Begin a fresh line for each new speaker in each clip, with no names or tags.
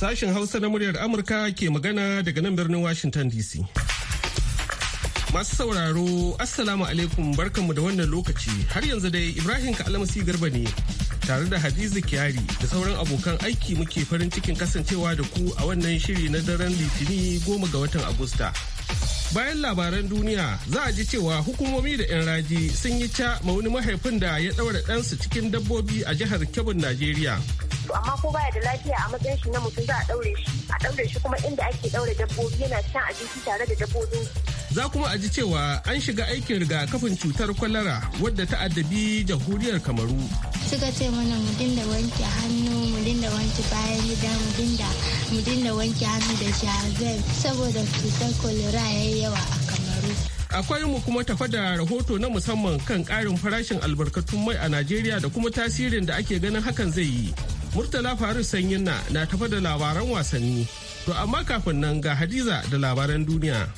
Sashen Hausa na muryar Amurka ke magana daga nan birnin Washington DC. Masu sauraro, Assalamu alaikum barkanmu da wannan lokaci har yanzu dai Ibrahim ka'almasi Garba ne tare da Hadiza Kiyari da sauran abokan aiki muke farin cikin kasancewa da ku a wannan shiri na daren Litini goma ga watan Agusta. bayan labaran duniya za a ji cewa hukumomi da 'yan raji sun yi ca ma wani mahaifin da ya ɗaura ɗansu cikin dabbobi a jihar kebun najeriya
amma ko baya da lafiya
a matsayin shi na mutum za a ɗaure shi a ɗaure shi kuma inda ake ɗaure dabbobi yana cin abinci tare da dabbobin
za kuma a ji cewa an shiga aikin rigakafin cutar kwalara wadda ta addabi jamhuriyar kamaru
suka ce mana mu dinda wanke hannu mu dinda wanke bayan gida mu dinda mu dinga wanke hannu da javel saboda cutar kolera ya yi yawa a kamaru.
Akwai mu kuma tafa da rahoto na musamman kan ƙarin farashin albarkatun mai a Najeriya da kuma tasirin da ake ganin hakan zai yi. Murtala Faru na na tafa da labaran wasanni. To amma kafin nan ga Hadiza da labaran duniya.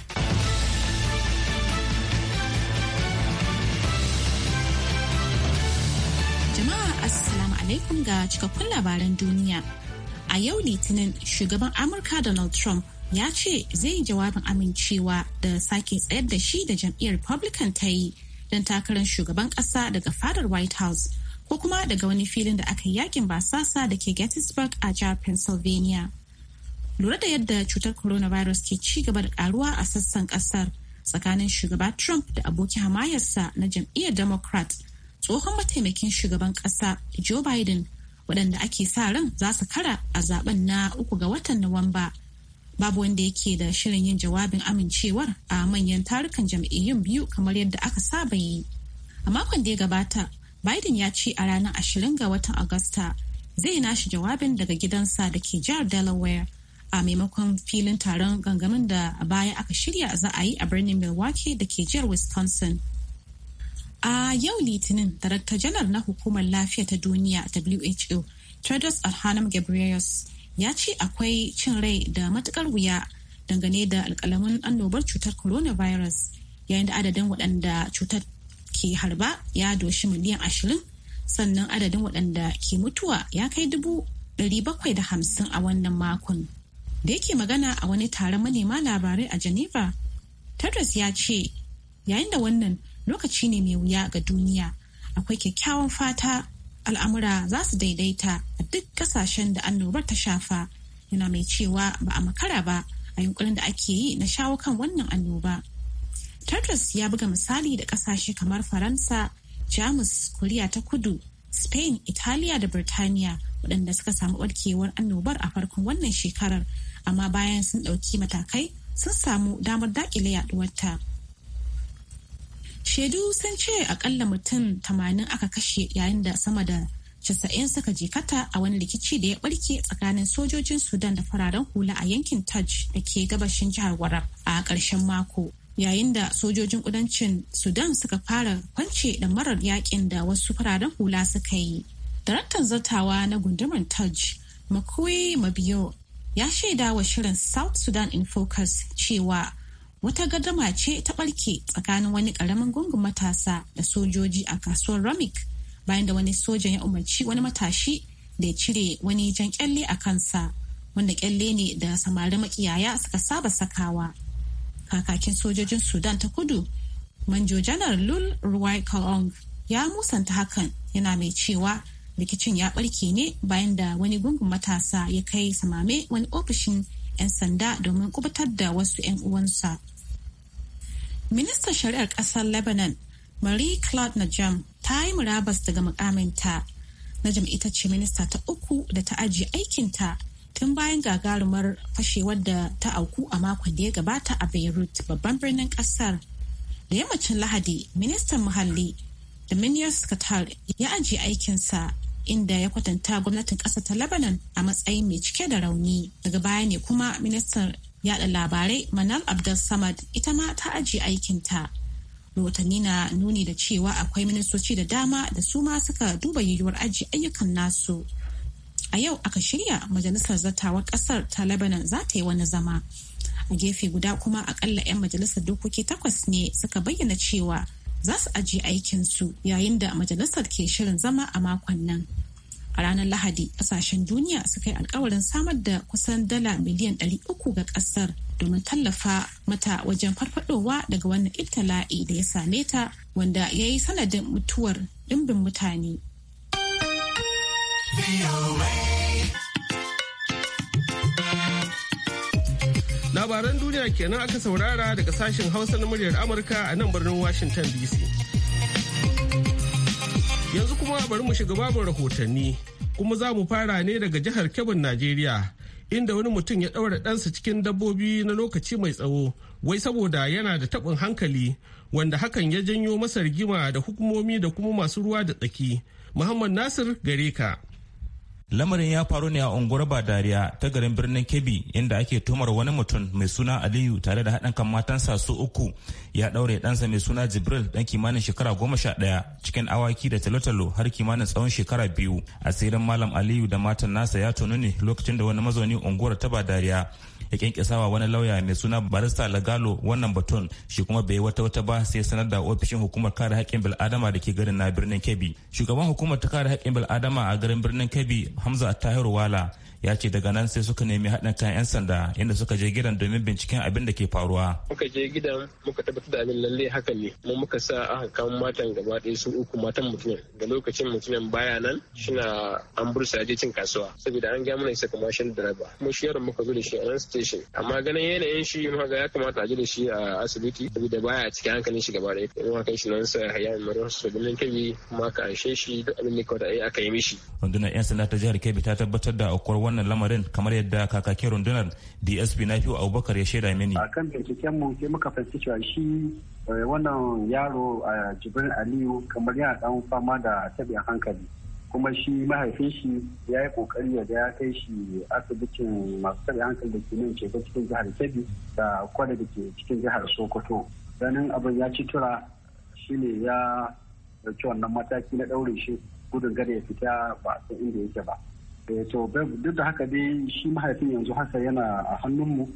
Jama'a Assalamu alaikum ga cikakkun labaran duniya. A yau Litinin shugaban Amurka Donald Trump ya ce zai yi jawabin amincewa da sake tsayar da shi da jam'iyyar Republican ta yi don takarar shugaban ƙasa daga fadar White House ko kuma daga wani filin da aka yi yakin basasa da ke Gettysburg a jihar Pennsylvania. Lura da yadda cutar coronavirus ke ci gaba da karuwa a sassan ƙasar tsakanin shugaba Trump da abokin hamayarsa na jam'iyyar Democrat tsohon mataimakin shugaban ƙasa Joe Biden waɗanda ake sa ran za su kara a zaben na uku ga watan Nuwamba. Babu wanda yake da shirin yin jawabin amincewar a manyan tarukan jam'iyyun biyu kamar yadda aka saba yi. A makon da ya gabata, Biden ya ce a ranar ashirin ga watan Agusta zai nashi jawabin daga gidansa da ke jihar Delaware a maimakon filin taron gangamin da a baya aka shirya za a yi a birnin Milwaukee da ke jihar Wisconsin. A yau Litinin, Darakta Janar na Hukumar Lafiya ta Duniya WHO, Tedros Adhanom Ghebreyesus, ya ce akwai cin rai da matukar wuya dangane da alkalamin annobar cutar coronavirus yayin da adadin waɗanda cutar ke harba ya doshi miliyan ashirin sannan adadin waɗanda ke mutuwa ya kai dubu ɗari bakwai da hamsin a wannan makon. Da yake magana a wani taron manema labarai a Geneva, Tedros ya ce yayin da wannan lokaci ne mai wuya ga duniya akwai kyakkyawan fata al'amura za su daidaita a duk kasashen da annobar ta shafa yana mai cewa ba a makara ba a yunkurin da ake yi na shawo kan wannan annoba Tartus ya buga misali da kasashe kamar faransa jamus koriya ta kudu spain italiya da birtaniya waɗanda suka samu ɓarkewar annobar a farkon wannan shekarar amma bayan sun ɗauki matakai sun samu damar daƙile yaɗuwarta. Shaidu sun ce akalla mutum tamanin aka kashe yayin da sama da casa'in suka jikata a wani rikici da ya barke tsakanin sojojin Sudan da fararen hula a yankin Taj da ke gabashin jihar Warab a ƙarshen mako. Yayin da sojojin kudancin Sudan suka fara kwance da marar yakin da wasu fararen hula suka yi. Daraktan zartawa na gundumar Taj, Makui Mabiyo, ya shaida wa shirin South Sudan in Focus cewa wata gadama ce ta ɓarke tsakanin wani ƙaramin gungun matasa da sojoji a kasuwar ramik bayan da wani sojan ya umarci wani matashi da ya cire wani jan kyalle a kansa wanda kyalle ne da samari makiyaya suka saba sakawa kakakin sojojin sudan ta kudu manjo janar lul ruwai kalong ya musanta hakan yana mai cewa rikicin ya barke ne bayan da wani gungun matasa ya kai samame wani ofishin 'yan sanda domin kubutar da wasu 'yan uwansa Ministan Shari'ar ƙasar Lebanon, Marie Claude Najam, ta yi murabas daga mukaminta. Najam ita ce minista ta uku da ta ajiye aikinta tun bayan gagarumar fashewar da ta auku a makon da ya gabata a Beirut, babban birnin ƙasar. Da yammacin Lahadi, ministan muhalli Dominius Qatar ya ajiye aikinsa inda ya kwatanta gwamnatin ƙasa ta Lebanon a matsayin mai cike da rauni. Daga baya ne kuma ministan yada labarai Manal Abdul Samad ita ma ta ajiye aikinta. Rahotanni na nuni da cewa akwai ministoci da dama da su ma suka duba yiwuwar ajiye ayyukan nasu. A yau aka shirya majalisar zatawar kasar ta Lebanon za ta yi wani zama. A gefe guda kuma akalla 'yan majalisar dokoki takwas ne suka bayyana cewa za su ajiye aikinsu yayin da majalisar ke shirin zama a makon nan. a ranar lahadi kasashen duniya suka yi alkawarin samar da kusan dala miliyan 300 ga kasar domin tallafa mata wajen farfadowa daga wannan ibtila'i da ya same ta wanda ya yi sanadin mutuwar dimbin mutane
labaran duniya kenan aka saurara daga sashen hausa na muryar amurka a nan birnin washington dc Yanzu kuma bari mu shiga babin rahotanni kuma za mu fara ne daga jihar Kebbi Najeriya inda wani mutum ya ɗaura ɗansa cikin dabbobi na lokaci mai tsawo wai saboda yana da taɓin hankali wanda hakan ya janyo masa rigima da hukumomi da kuma masu ruwa
da tsaki. Muhammad Nasir Gareka. lamarin ya faru ne a unguwar badariya ta garin birnin kebbi inda ake tumar wani mutum mai suna aliyu tare da haɗin kan matansa su uku ya ɗaure ɗansa mai suna jibril ɗan kimanin shekara goma sha ɗaya cikin awaki da talotalo har kimanin tsawon shekara biyu asirin malam aliyu da matan nasa ya tunu ne lokacin da wani mazauni unguwar ta badariya ya kyankyasawa wani lauya mai suna barista lagalo wannan batun shi kuma bai wata wata ba sai sanar da ofishin hukumar kare haƙƙin bil'adama da ke garin na birnin kebbi shugaban hukumar ta kare haƙƙin bil'adama a garin birnin kebbi hamza tahiru wala ya ce daga nan sai suka nemi haɗin kan 'yan sanda inda suka je gidan domin binciken abin da ke faruwa.
Muka je gidan muka tabbatar da abin lalle haka ne mu muka sa aka kama matan gaba ɗaya su uku matan mutumin da lokacin mutumin baya nan shina an bursa je cin kasuwa saboda an gaya mana isa shan driver kuma shi yaron muka zo da shi a nan station amma ganin yanayin shi ma ga ya kamata a je da shi a asibiti saboda baya cikin hankalin shi gaba ɗaya kuma kai shi nan sa haya mai rasu birnin kebbi kuma
ka anshe shi duk abin da kawai aka yi mishi.
rundunar 'yan sanda ta jihar kebbi ta tabbatar da aukuwar wannan lamarin kamar yadda kakakin rundunar dsp na fiye abubakar ya shaida mini a kan
binciken mu sai muka fahimci cewa shi eh, wannan yaro a eh, jibrin aliyu kamar yana dan fama da tabi hankali kuma shi mahaifin shi ya yi kokari ya ga ya kai shi asibitin masu tabi hankali da ke nan ceto cikin jihar kebbi da kwada da ke cikin jihar sokoto ganin abin ya ci tura shine ya dauki wannan mataki na ɗaure shi gudun gada ya fita ba a san inda yake ba Eh, to duk da haka dai shi mahaifin yanzu haka yana a hannunmu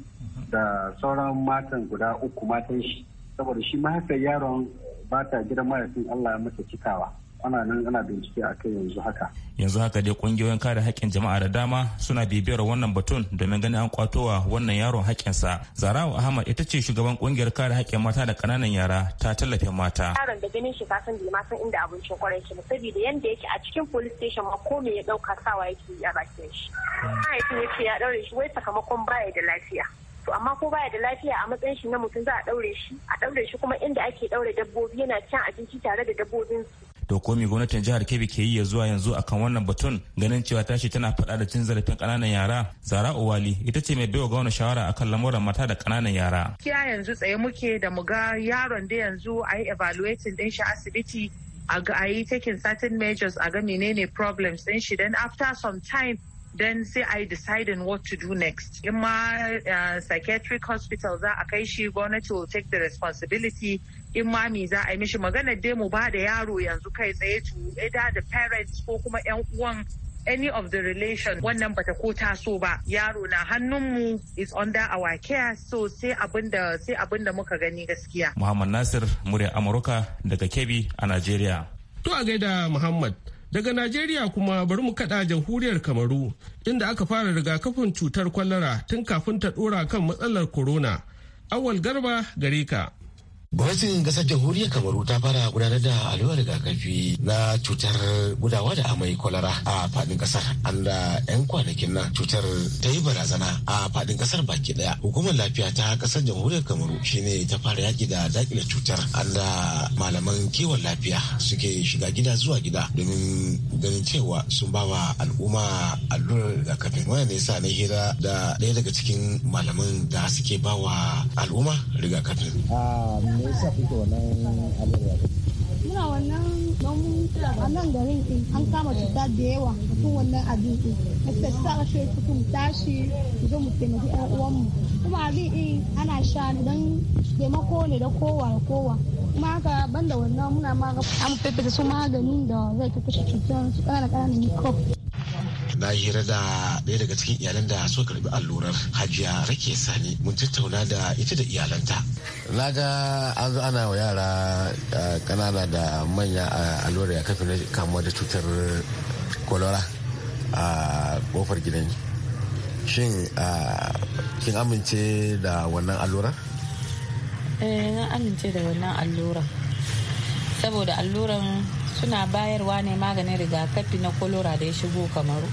da sauran matan guda uku matan shi saboda shi mahaifin yaron ba ta gidan mahaifin Allah ya mata cikawa ana nan ana bincike a kai yanzu haka
yanzu haka dai kungiyoyin kare haƙƙin jama'a da dama suna bibiyar wannan batun domin ganin an wa wannan yaron haƙƙinsa zarawa ahmad ita ce shugaban kungiyar kare haƙƙin mata da ƙananan yara ta tallafe mata
yaron da ganin shi ka san bai ma san inda abincin kwarai shi saboda yanda yake a cikin police station ma ko me ya ɗauka sawa yake ya bakin shi mahaifin yake ya ɗaure shi wai sakamakon baya da lafiya to amma ko baya da lafiya a matsayin shi na mutum za a ɗaure shi a ɗaure shi kuma inda ake ɗaure dabbobi yana cin abinci tare da dabbobin su
to ko me gwamnatin jihar kebbi ke yi ya zuwa yanzu akan wannan batun ganin cewa tashi tana faɗa da cin zarafin ƙananan yara zara uwali ita ce mai baiwa gwamna shawara akan lamuran mata da kananan yara
kiya yanzu tsaye muke da mu ga yaron da yanzu a yi evaluating din shi asibiti a yi taking certain measures a ga menene problems din shi dan after some time then say I yi deciding what to do next in ma uh, psychiatric hospital za a kai shi gwamnati will take the responsibility in ma me za a yi mishi magana dai mu ba da yaro yanzu kai tsaye to either the parents ko kuma yan uwan any of the relation wannan bata ko taso ba yaro na hannunmu is under our care so sai abin sai abinda muka gani gaskiya
Muhammad Nasir murya Amurka daga Kebbi a nigeria.
to a gaida Muhammad Daga Najeriya kuma bari mu kada jamhuriyar Kamaru inda aka fara rigakafin cutar kwalara tun kafin ta dora kan matsalar corona. Awal garba gare
ka. Gwamnatin ƙasar jamhuriyar Kamaru ta fara gudanar da allurar
rigakafi na
cutar gudawa da amai kwalara a fadin kasar. An da 'yan kwanakin nan cutar ta yi barazana a fadin kasar baki daya. Hukumar lafiya ta kasar jamhuriyar Kamaru shine ta fara yaki da dakile cutar. An da malaman kiwon lafiya suke shiga gida zuwa gida domin ganin cewa sun ba wa al'umma allurar rigakafi Wannan ne sa na hira da ɗaya daga cikin malaman da suke ba wa al'umma rigakafi ah, me yasa kuke wannan
muna wannan a nan garin din an kama cuta da yawa cikin wannan abin din da sa shi fito mu tashi mu zo mu taimaki uwanmu kuma abin eh, din ana sha ne don taimako ne da kowa da kowa kuma haka banda wannan muna ma an fefeta su maganin da zai ta kashe cutar su ƙara ƙananan mikof
na hira da ɗaya daga cikin iyalan da suka karbi allurar hajiya rake sani mun tattauna da ita da iyalanta na ga an zo ana wa yara kanana da manya a allurar ya na kamuwa da cutar kolora a kofar gidan shin kin amince da wannan allurar
eh, na amince da wannan allurar saboda alluran suna bayarwa ne maganin rigakafi na kolora da ya shigo kamaru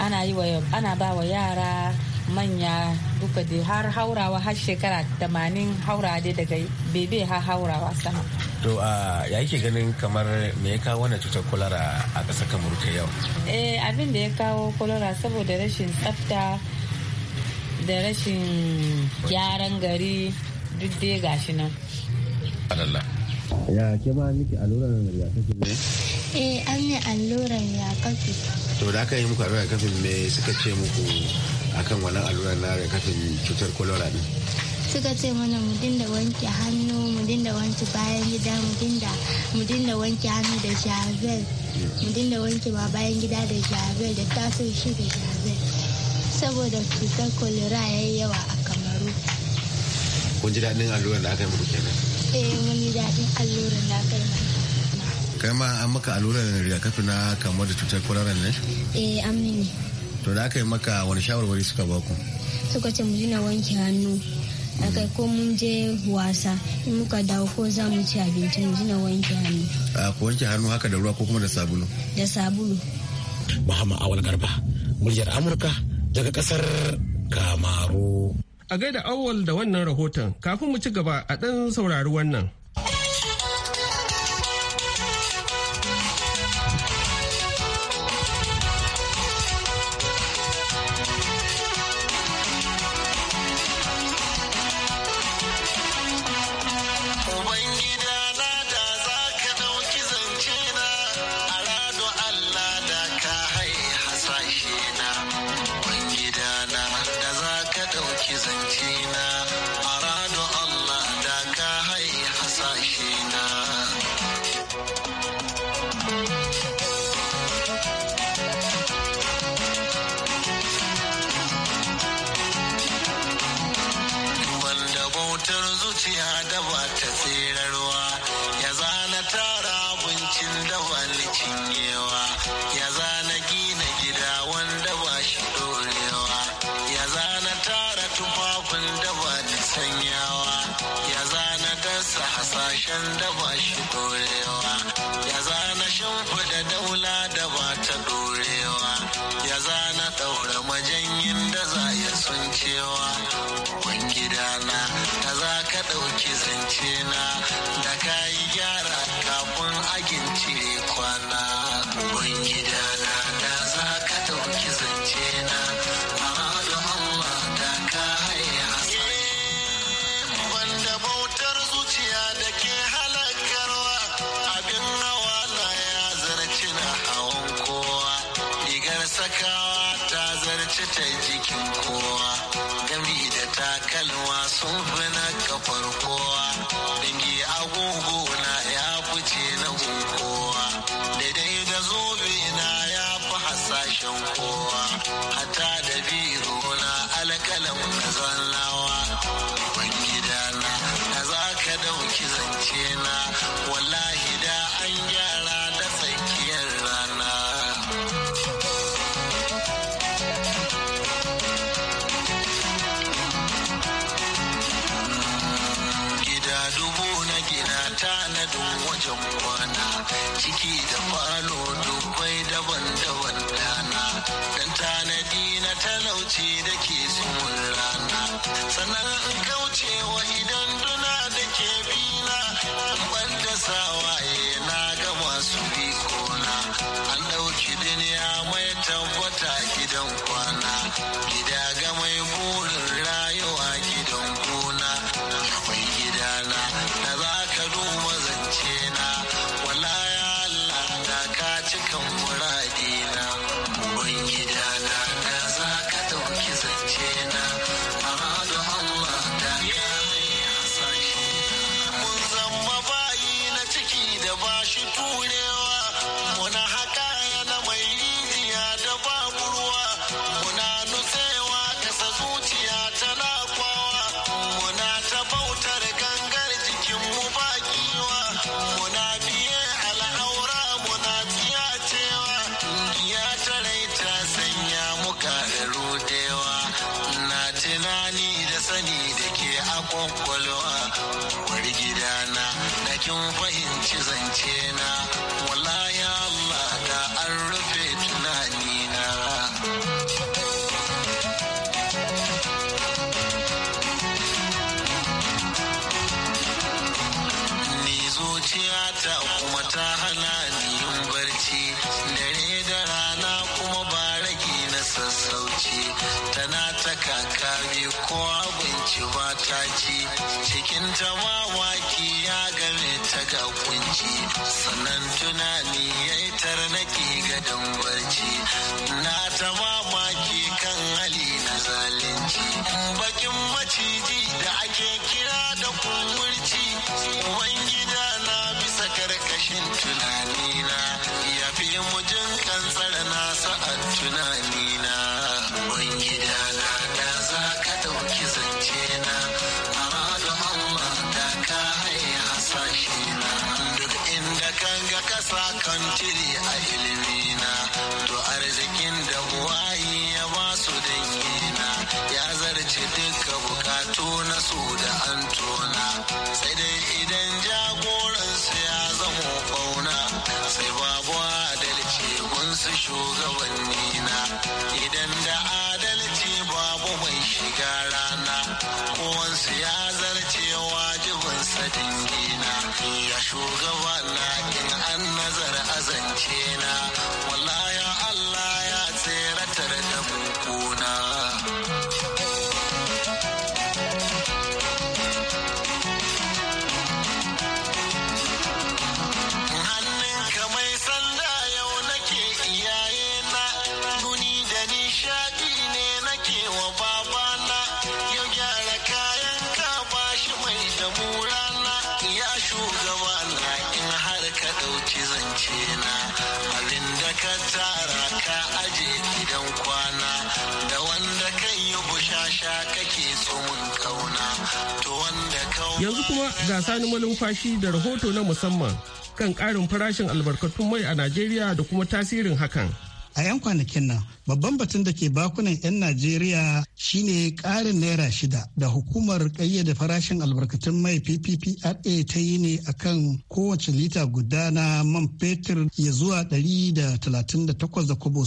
ana ba wa yara manya duka da har haurawa har shekara tamanin haura dai daga bebe har haurawa sama
to a ya yake ganin kamar me ya kawo wannan cutar kolara a ƙasa kamar ta yau
eh abin da ya kawo kolara saboda rashin tsafta da rashin gyaran gari duk dai gashi nan
ya ke ma miki allurar rigakafi ne
eh an yi allurar rigakafi
to da aka yi muku allurar rigakafin me suka ce muku akan wannan allurar na rigakafin cutar kolora ne
suka ce mana mu dinda wanke hannu mu dinda wanke bayan gida mu dinda mu dinda wanke hannu da javel hmm. mu dinda wanke ba bayan gida da javel da taso shi da javel saboda cutar kolera yayi yawa a kamaru
kun ji daɗin allurar da aka yi muku kenan
eh wani daɗin alluran da kai
kai ma an maka alluran rigakafi na kamar da cutar kwalara ne
eh amini
to da aka yi maka wani shawarwari suka baku
suka ce mu na wanke hannu kai ko mun je wasa in muka dawo ko za mu ci abinci mu na wanke hannu
a ku wanke hannu haka da ruwa ko kuma da sabulu
da sabulu
muhammad awal garba muryar amurka daga kasar kamaru
A gaida awal da wannan rahoton kafin mu ci gaba a ɗan saurari wannan.
Thank you. mace ta jikin kowa gami da takalma sun fi na kafar kowa ciki da falo dubbai daban-daban dana dan tanadi na talauci da ke rana sannan kaucewa idan bakin maciji da ake kira da kumurci ubangiji kwana da wanda kai yi bushasha kake tsohon kauna to wanda kauna
yanzu kuma ga sani malumfashi da rahoto na musamman kan ƙarin farashin albarkatun mai a Najeriya da kuma tasirin hakan. A 'yan kwanakin nan Babban batun da ke bakunan 'yan
Najeriya shine ƙarin naira shida da hukumar ƙayyade farashin albarkatun mai PPPRA ta yi ne akan kowace lita guda na man fetur ya zuwa 138.62 da kobo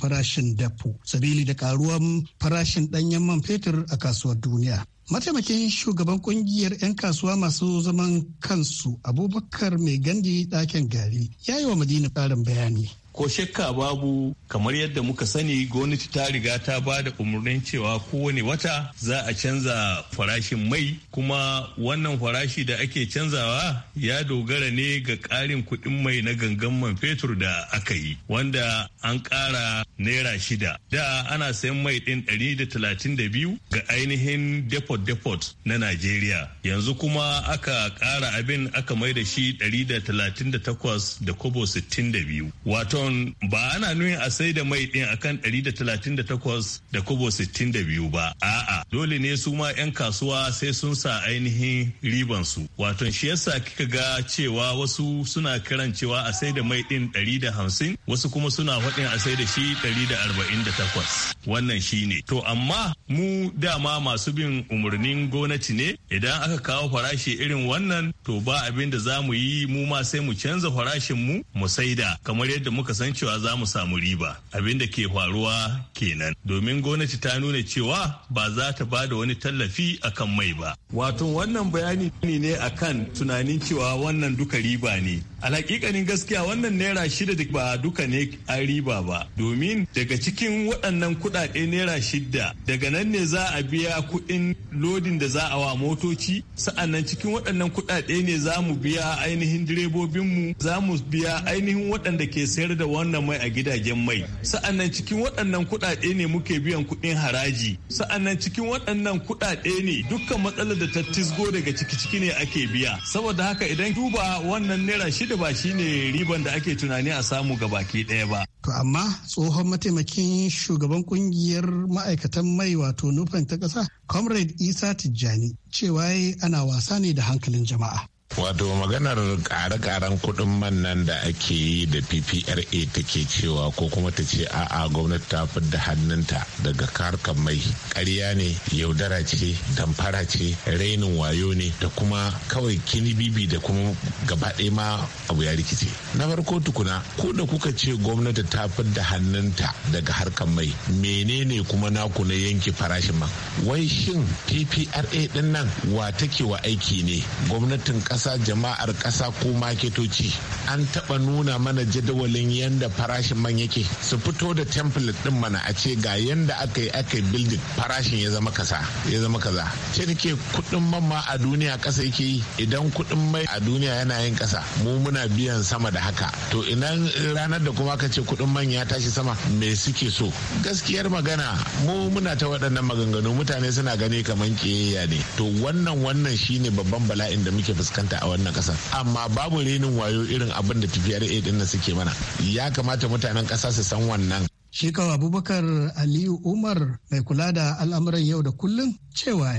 farashin dafo. Sabili da karuwan farashin ɗanyen man fetur a kasuwar duniya. Mataimakin shugaban kungiyar 'yan kasuwa masu zaman kansu Abubakar Mai Gandi ɗakin gari ya yi wa Madina ƙarin bayani.
ko shakka babu kamar yadda muka sani gwamnati ta riga ta ba da umarnin cewa kowane wata za a canza farashin mai kuma wannan farashi da ake canzawa ya dogara ne ga ƙarin kuɗin mai na gangan man fetur da aka yi wanda an ƙara naira shida da ana sayan mai ɗin 132 ga ainihin depot depot na najeriya yanzu kuma aka ƙara abin aka mai da shi 138 da kobo 62 wato Gabon ba ana nuyin a sai da mai ɗin akan 138 da kobo 62 ba. A'a, dole ne su ma 'yan kasuwa sai sun sa ainihin ribansu. Wato shi yasa kika ga cewa wasu suna kiran cewa a sai da mai ɗin 150 wasu kuma suna faɗin a sai da shi 148. Wannan shi ne. To amma mu dama masu bin umarnin gwamnati ne idan aka kawo farashi irin wannan to ba abin da za mu yi mu ma sai mu canza farashin mu mu saida kamar yadda muka kasan san cewa za mu samu riba abin da ke faruwa kenan domin gwamnati ta nuna cewa ba za ta ba da wani tallafi akan mai ba wato wannan bayani ne akan tunanin cewa wannan duka riba ne a alhakikanin gaskiya wannan naira shida duk ba duka ne a riba ba domin daga cikin waɗannan kuɗaɗe naira shida daga nan ne za a biya kuɗin lodin da za a wa motoci sa'annan cikin waɗannan kuɗaɗe ne za mu biya ainihin direbobinmu za mu biya ainihin waɗanda ke sayar da wannan mai a gidajen mai sa'annan cikin waɗannan kuɗaɗe ne muke biyan kuɗin haraji sa'annan cikin waɗannan kuɗaɗe ne dukkan matsalar da ta tisgo daga ciki ciki ne ake biya saboda haka idan duba wannan naira shida da ba shi ne riban da ake tunani a samu ga baki ɗaya ba.
To amma tsohon mataimakin shugaban kungiyar ma'aikatan mai wato nufin ta ƙasa, Comrade Isa Tijjani, cewa ana wasa ne da hankalin jama'a.
wato maganar kare-karen kuɗin man nan da ake yi da ppra take cewa ko kuma ta ce a'a gwamnati ta fi da hannunta daga karkar mai ƙarya ne yaudara ce damfara ce rainin wayo ne da kuma kawai kini bibi da kuma gaba ma abu ya rikice na farko tukuna ko da kuka ce gwamnati ta fi da hannunta daga harkar mai menene kuma naku na yanke farashin man wai shin ppra din nan wa take wa aiki ne gwamnatin ƙasa ƙasa jama'ar kasa ko maketoci an taɓa nuna mana jadawalin yadda farashin man yake su fito da template ɗin mana a ce ga yadda aka yi aka yi building farashin ya zama kasa ya zama kaza ce nake kuɗin man ma a duniya kasa yake yi idan kuɗin mai a duniya yana yin kasa mu muna biyan sama da haka to ina ranar da kuma ka ce kuɗin man ya tashi sama me suke so gaskiyar magana mu muna ta waɗannan maganganu mutane suna gani kamar ƙiyayya ne to wannan wannan shine babban bala'in da muke fuskanta kanta a wannan kasar amma babu renin wayo irin abin da tpra din nan suke mana ya kamata mutanen kasa su san wannan
Shekawa Abubakar Aliyu Umar mai kula da al'amuran yau da kullum cewa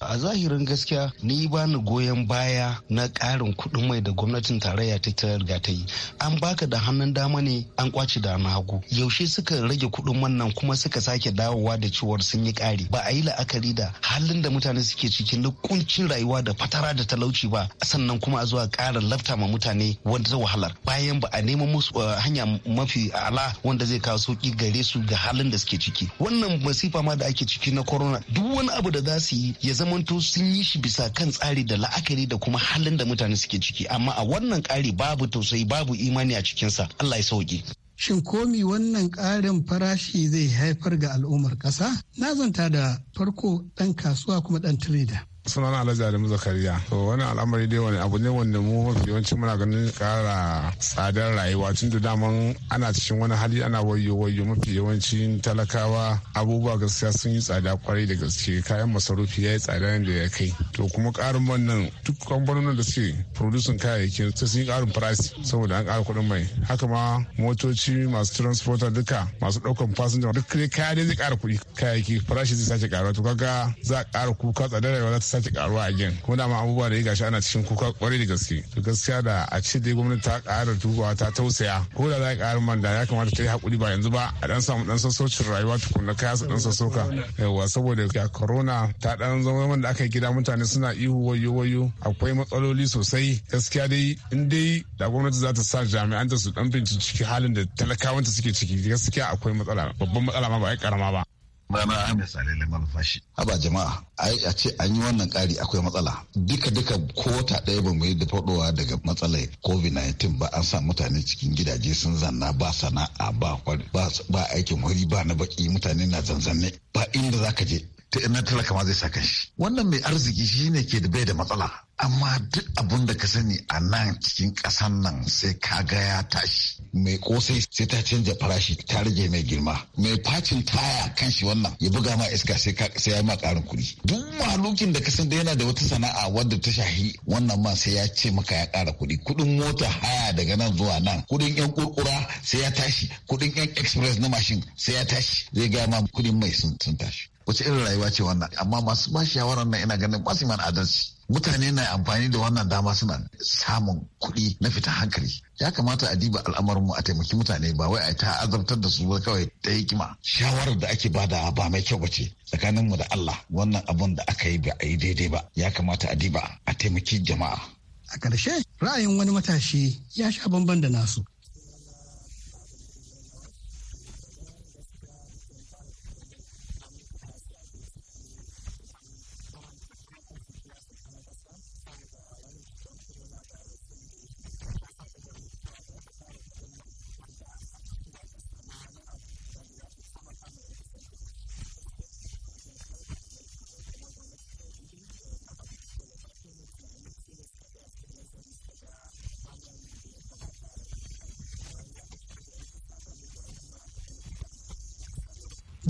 a zahirin gaskiya ni ba ni goyon baya na ƙarin kuɗin mai da gwamnatin tarayya ta riga ta yi an baka da hannun dama ne an kwace da na hagu yaushe suka rage kuɗin wannan kuma suka sake dawowa da cewar sun yi ƙari ba a yi la'akari da halin da mutane suke ciki na kuncin rayuwa da fatara da talauci ba sannan kuma a zuwa ƙarin lafta ma mutane wanda ta wahalar bayan ba a neman musu eh, hanya mafi ala wanda zai kawo sauki gare su ga halin da suke ciki wannan masifa ma da ake ciki na corona duk wani abu da za su yi ya zama zamanto sun yi shi bisa kan tsari da la'akari da kuma halin da mutane suke ciki amma a wannan ƙari babu tausayi babu imani a cikinsa Allah ya sauke.
Shin komi wannan ƙarin farashi zai haifar ga al'ummar ƙasa? Na zanta da farko ɗan kasuwa kuma ɗan tireda.
sunana alhaji alimu zakariya to wani al'amari dai wani abu ne wanda mu mafi yawanci muna ganin kara tsadar rayuwa tun da daman ana cikin wani hali ana wayo wayo mafi yawancin talakawa abubuwa gaskiya sun yi tsada kwarai da gaske kayan masarufi ya yi tsada yadda ya kai to kuma karin wannan duk kwamfanonin da suke producing kayayyaki ta sun yi karin price saboda an kara kuɗin mai haka ma motoci masu transporter duka masu ɗaukan fasinja duk kaya dai zai kara kuɗi kayayyaki farashi zai sake karuwa to kaga za a kara kuka tsadar rayuwa za ta sake karuwa a gen kuma dama abubuwa da ya gashi ana cikin kuka kwarai da gaske to gaskiya da a ce dai gwamnati ta kara dubawa ta tausaya ko da za ka ƙara man da ya kamata ta yi hakuri ba yanzu ba a dan samu dan sassocin rayuwa tukun na su dan sassoka yawa saboda ya corona ta dan zama da aka yi gida mutane suna ihu wayo wayo akwai matsaloli sosai gaskiya dai in dai da gwamnati za ta sa jami'an ta su dan binciki halin da talakawanta suke ciki gaskiya akwai matsala babban matsala ma ba ai karama ba
Rana Ahmed Salele Malfashi. Haba jama'a, ai a ce an yi wannan kari akwai matsala. dika duka ko wata ɗaya ba mu yi da faɗowa daga matsalar COVID-19 ba an sa mutane cikin gidaje sun zanna ba sana'a ba ba aikin wuri ba na baki mutane na zanzanne ba inda za ka je ta na talaka ma zai sa shi wannan mai arziki shi ne ke da bai da matsala amma duk abun da ka sani a nan cikin kasan nan sai ka ga ya tashi mai kosai sai ta canja farashi ta rage mai girma mai facin taya kan shi wannan ya buga ma iska sai ka sai ya ma karin kuɗi duk malukin da ka san da yana da wata sana'a wadda ta shahi wannan ma sai ya ce maka ya ƙara kuɗi kuɗin mota haya daga nan zuwa nan kuɗin yan kurkura sai ya tashi kuɗin yan express na mashin sai ya tashi zai ga ma kuɗin mai sun tashi wace irin rayuwa ce wannan amma masu ba shawarar nan ina ganin ba su man adalci mutane na amfani da wannan dama suna samun kuɗi na fita hankali ya kamata a diba al'amarinmu a taimaki mutane ba wai a ta azabtar da su ba kawai ta hikima shawarar da ake bada ba mai kyau bace tsakaninmu da Allah wannan abun da aka yi ba a yi daidai ba ya kamata a diba a taimaki jama'a
a ƙarshe ra'ayin wani matashi ya sha bamban da nasu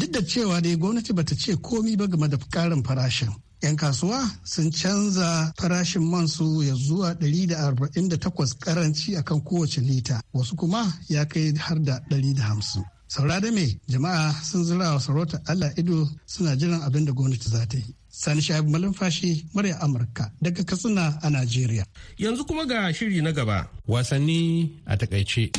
duk da cewa dai gwamnati bata ce komi ba game da karin farashin 'yan kasuwa sun canza farashin man su ya zuwa 148 karanci akan kowace lita wasu kuma ya kai har da 150 saura da me jama'a sun zira wa sarauta allah ido suna jiran abin da gwamnati za ta yi sani shabi malumfashi murya amurka daga katsina a najeriya
yanzu kuma ga shiri na gaba wasanni a takaice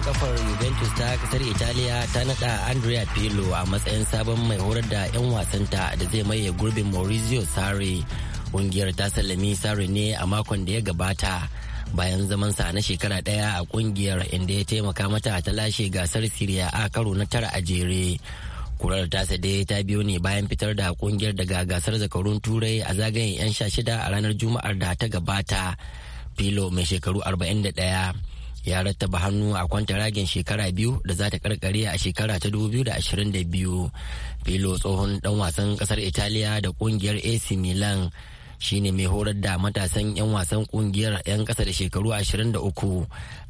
ƙwallon kafar Juventus ta kasar Italiya ta nada Andrea Pirlo a matsayin sabon mai horar da 'yan wasanta da zai maye gurbin Maurizio Sarri. Ƙungiyar ta sallami Sarri ne a makon da ya gabata bayan zamansa na shekara ɗaya a ƙungiyar inda ya taimaka mata ta lashe gasar Siriya a karo na tara a jere. kurar ta dai ta biyo ne bayan fitar da kungiyar daga gasar zakarun turai a zagayen 'yan sha shida a ranar juma'ar da ta gabata filo mai shekaru 41 ya rattaba hannu a kwanta ragin shekara biyu da za ta karkare a shekara ta 2022 filo tsohon dan wasan kasar italiya da kungiyar ac milan shine mai horar da matasan 'yan wasan kungiyar 'yan kasa da shekaru 23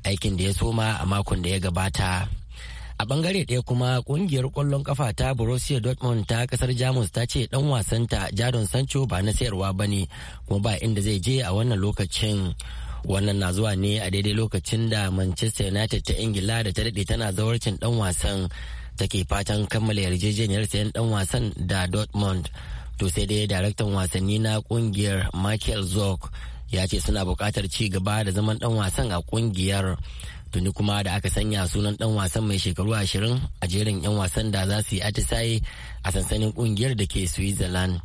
aikin da ya soma a makon da ya gabata a bangare ɗaya kuma kungiyar kwallon kafa ta borussia dortmund ta kasar jamus ta ce dan wasanta jadon sancho ba na sayarwa ba ne kuma ba inda zai je a wannan lokacin wannan na zuwa ne a daidai lokacin da manchester united ta ingila da ta daɗe tana zawarcin dan wasan take fatan kammala yarjejeniyar sayan dan wasan da dortmund to sai dai daraktan wasanni na kungiyar michael zork ya ce suna buƙatar ci gaba da zaman dan wasan a kungiyar tuni kuma da aka sanya sunan dan wasan mai shekaru ashirin a jerin 'yan wasan da za su yi atisaye a sansanin kungiyar da ke switzerland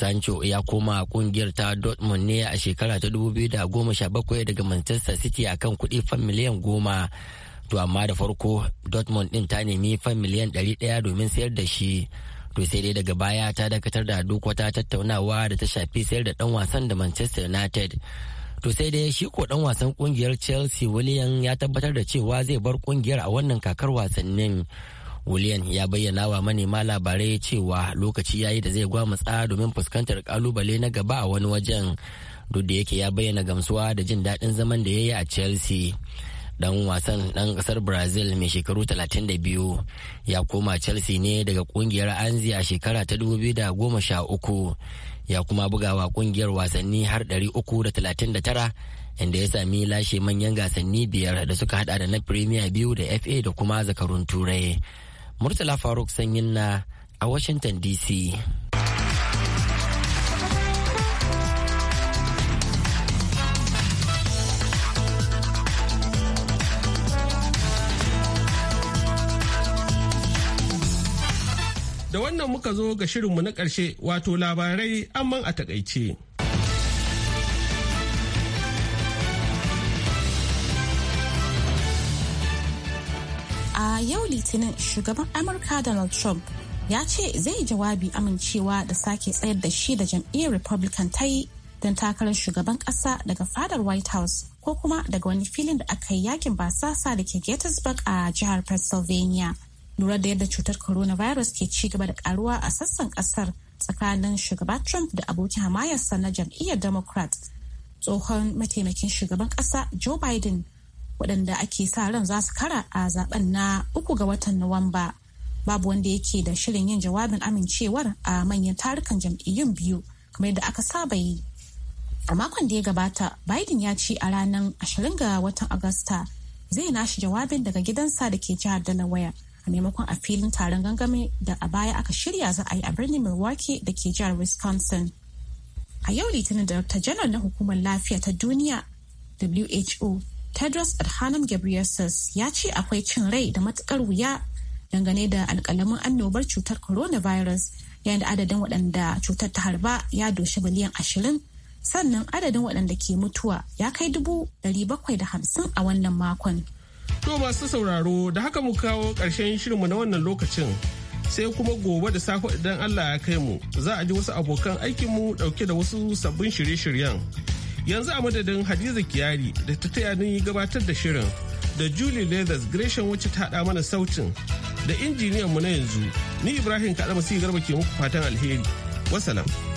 sancho ya koma kungiyar ta dortmund ne a shekara ta 2017 daga manchester city akan kuɗi fan miliyan goma to amma da farko dortmund ɗin ta nemi fan miliyan 100 domin sayar da shi to sai dai daga baya ta dakatar da duk wata tattaunawa da ta shafi sayar da ɗan wasan da manchester united to sai dai shi ko dan wasan kungiyar chelsea william ya tabbatar da cewa zai bar kungiyar a wannan kakar wasannin William ya bayyana wa manema labarai cewa lokaci yayi da zai gwamutsa domin fuskantar kalubale na gaba a wani wajen duk da yake ya bayyana gamsuwa da jin daɗin zaman da ya yi a Chelsea. Dan wasan dan ƙasar Brazil mai shekaru 32 ya koma Chelsea ne daga ƙungiyar Anzi a shekara ta 2013 ya kuma bugawa ƙungiyar wasanni har 339 inda ya sami lashe manyan gasanni biyar da suka hada da na Premier biyu da FA da kuma zakarun Turai. Murtala Faruk Sanyin na a Washington DC.
Da wannan muka zo ga shirinmu na ƙarshe wato labarai amman a takaice.
yau litinin shugaban amurka donald trump ya ce zai jawabi amincewa da sake tsayar da shi da jam'iyyar republican ta yi don takarar shugaban kasa daga fadar white house ko kuma daga wani filin da aka yi yakin basasa da ke gettysburg a jihar pennsylvania lura da yadda cutar coronavirus ke ci gaba da karuwa a sassan kasar tsakanin shugaba trump da abokin hamayarsa na jam'iyyar democrat tsohon mataimakin shugaban kasa joe biden waɗanda ake sa ran za su kara a zaben na uku ga watan nuwamba babu wanda yake da shirin yin jawabin amincewar a manyan tarukan jam'iyyun biyu kamar yadda aka saba yi a makon da ya gabata biden ya ce a ranar 20 ga watan agusta zai nashi jawabin daga gidansa da ke jihar delaware a maimakon a filin taron gangami da a baya aka shirya za a yi a birnin milwaukee da ke jihar wisconsin a yau litinin da janar na hukumar lafiya ta duniya who tedros adhanom ghebreyesus ya ce akwai cin rai da matukar wuya dangane da alkalamin annobar cutar coronavirus yayin da adadin waɗanda cutar ta harba ya doshi miliyan ashirin sannan adadin waɗanda ke mutuwa ya kai dubu ɗari bakwai da hamsin a wannan makon. To masu sauraro da haka mu
kawo ƙarshen shirinmu na wannan lokacin sai kuma gobe da safe idan Allah ya kai mu za a ji wasu abokan aikinmu ɗauke da wasu sabbin shirye-shiryen. yanzu a madadin hadiza kiyari da ta taya ni gabatar da shirin da julie leathers gresham wacce ta haɗa mana sautin da injiniyan mu na yanzu ni ibrahim kaɗa masu garba ke muku fatan alheri wasalam